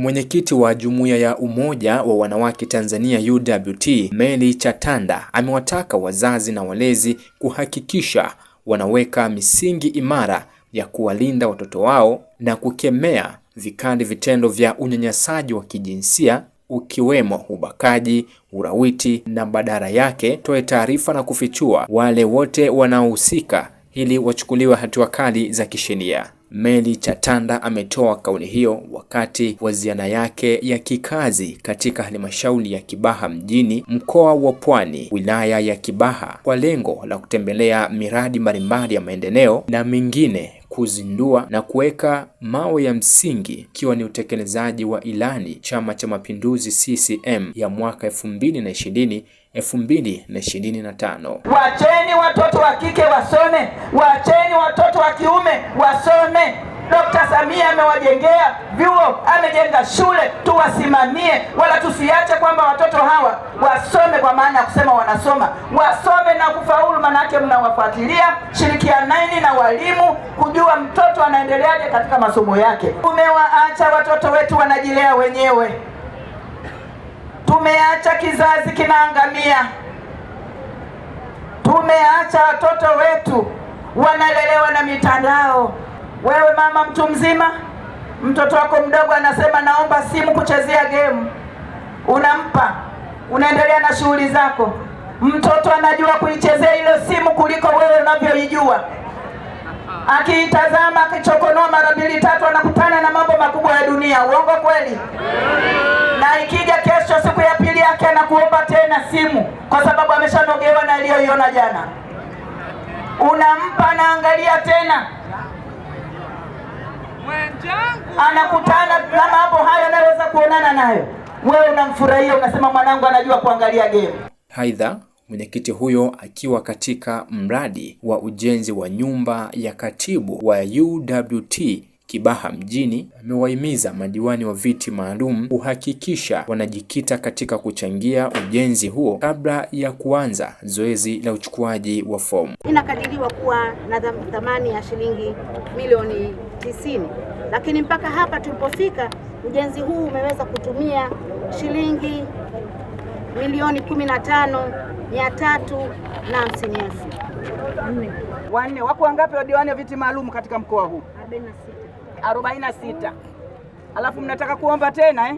Mwenyekiti wa Jumuiya ya Umoja wa Wanawake Tanzania UWT, Mary Chatanda amewataka wazazi na walezi kuhakikisha wanaweka misingi imara ya kuwalinda watoto wao na kukemea vikali vitendo vya unyanyasaji wa kijinsia ukiwemo ubakaji, urawiti na badala yake toe taarifa na kufichua wale wote wanaohusika ili wachukuliwe hatua kali za kisheria meli Chatanda ametoa kauli hiyo wakati wa ziara yake ya kikazi katika halmashauri ya Kibaha mjini mkoa wa Pwani wilaya ya Kibaha kwa lengo la kutembelea miradi mbalimbali ya maendeleo na mingine kuzindua na kuweka mawe ya msingi ikiwa ni utekelezaji wa ilani Chama cha Mapinduzi CCM ya mwaka elfu mbili na ishirini 2025. Wacheni watoto wa kike wasome, wacheni watoto wa kiume wasome. Dr. Samia amewajengea vyuo, amejenga shule, tuwasimamie, wala tusiache kwamba watoto hawa wasome, kwa maana ya kusema wanasoma, wasome na kufaulu, manake mnawafuatilia, shirikianeni na walimu kujua mtoto anaendeleaje katika masomo yake. Umewaacha watoto wetu wanajilea wenyewe tumeacha kizazi kinaangamia, tumeacha watoto wetu wanalelewa na mitandao. Wewe mama mtu mzima, mtoto wako mdogo anasema naomba simu kuchezea game, unampa, unaendelea na shughuli zako. Mtoto anajua kuichezea ile simu kuliko wewe unavyoijua. Akiitazama akichokonoa mara mbili tatu, anakutana na mambo makubwa ya dunia. Uongo kweli? yake anakuomba tena simu, kwa sababu ameshanogewa na aliyoiona jana. Unampa, anaangalia tena, anakutana kama mambo hayo, anaweza kuonana nayo. Wewe unamfurahia, unasema mwanangu anajua kuangalia game. Aidha, mwenyekiti huyo akiwa katika mradi wa ujenzi wa nyumba ya katibu wa UWT Kibaha mjini amewahimiza madiwani wa viti maalum kuhakikisha wanajikita katika kuchangia ujenzi huo kabla ya kuanza zoezi la uchukuaji wa fomu. Inakadiriwa kuwa na thamani ya shilingi milioni 90, lakini mpaka hapa tulipofika ujenzi huu umeweza kutumia shilingi milioni 15 mia tatu na hamsini elfu. Wanne wako wangapi wadiwani wa viti maalum katika mkoa huu? arobaini na sita alafu mnataka kuomba tena eh?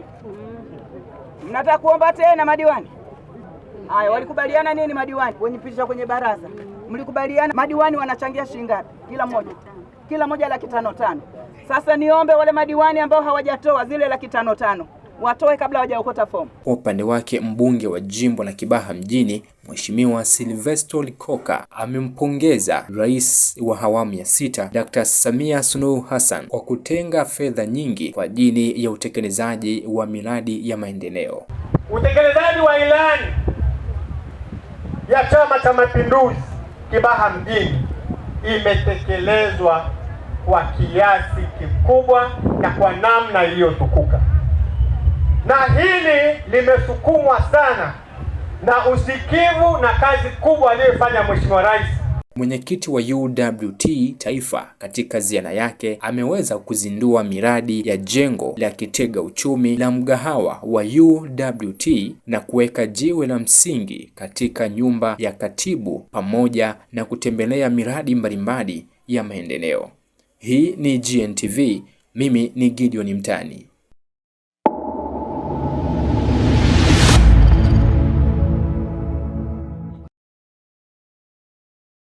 mnataka kuomba tena madiwani haya, walikubaliana nini madiwani wenye pitisha kwenye baraza? Mlikubaliana madiwani wanachangia shilingi ngapi kila mmoja? Kila mmoja laki tano tano. Sasa niombe wale madiwani ambao hawajatoa zile laki tano tano watoe kabla hawajaokota fomu. Kwa upande wake, mbunge wa jimbo la Kibaha mjini Mheshimiwa Silvesto Likoka amempongeza Rais wa awamu ya sita Dr. Samia Suluhu Hassan kwa kutenga fedha nyingi kwa ajili ya utekelezaji wa miradi ya maendeleo. Utekelezaji wa ilani ya Chama cha Mapinduzi Kibaha mjini imetekelezwa kwa kiasi kikubwa na kwa namna iliyotukuka na hili limesukumwa sana na usikivu na kazi kubwa aliyoifanya Mheshimiwa Rais. Mwenyekiti wa UWT Taifa katika ziara yake ameweza kuzindua miradi ya jengo la kitega uchumi la mgahawa wa UWT na kuweka jiwe la msingi katika nyumba ya katibu pamoja na kutembelea miradi mbalimbali ya maendeleo. Hii ni GNTV, mimi ni Gideon Mtani.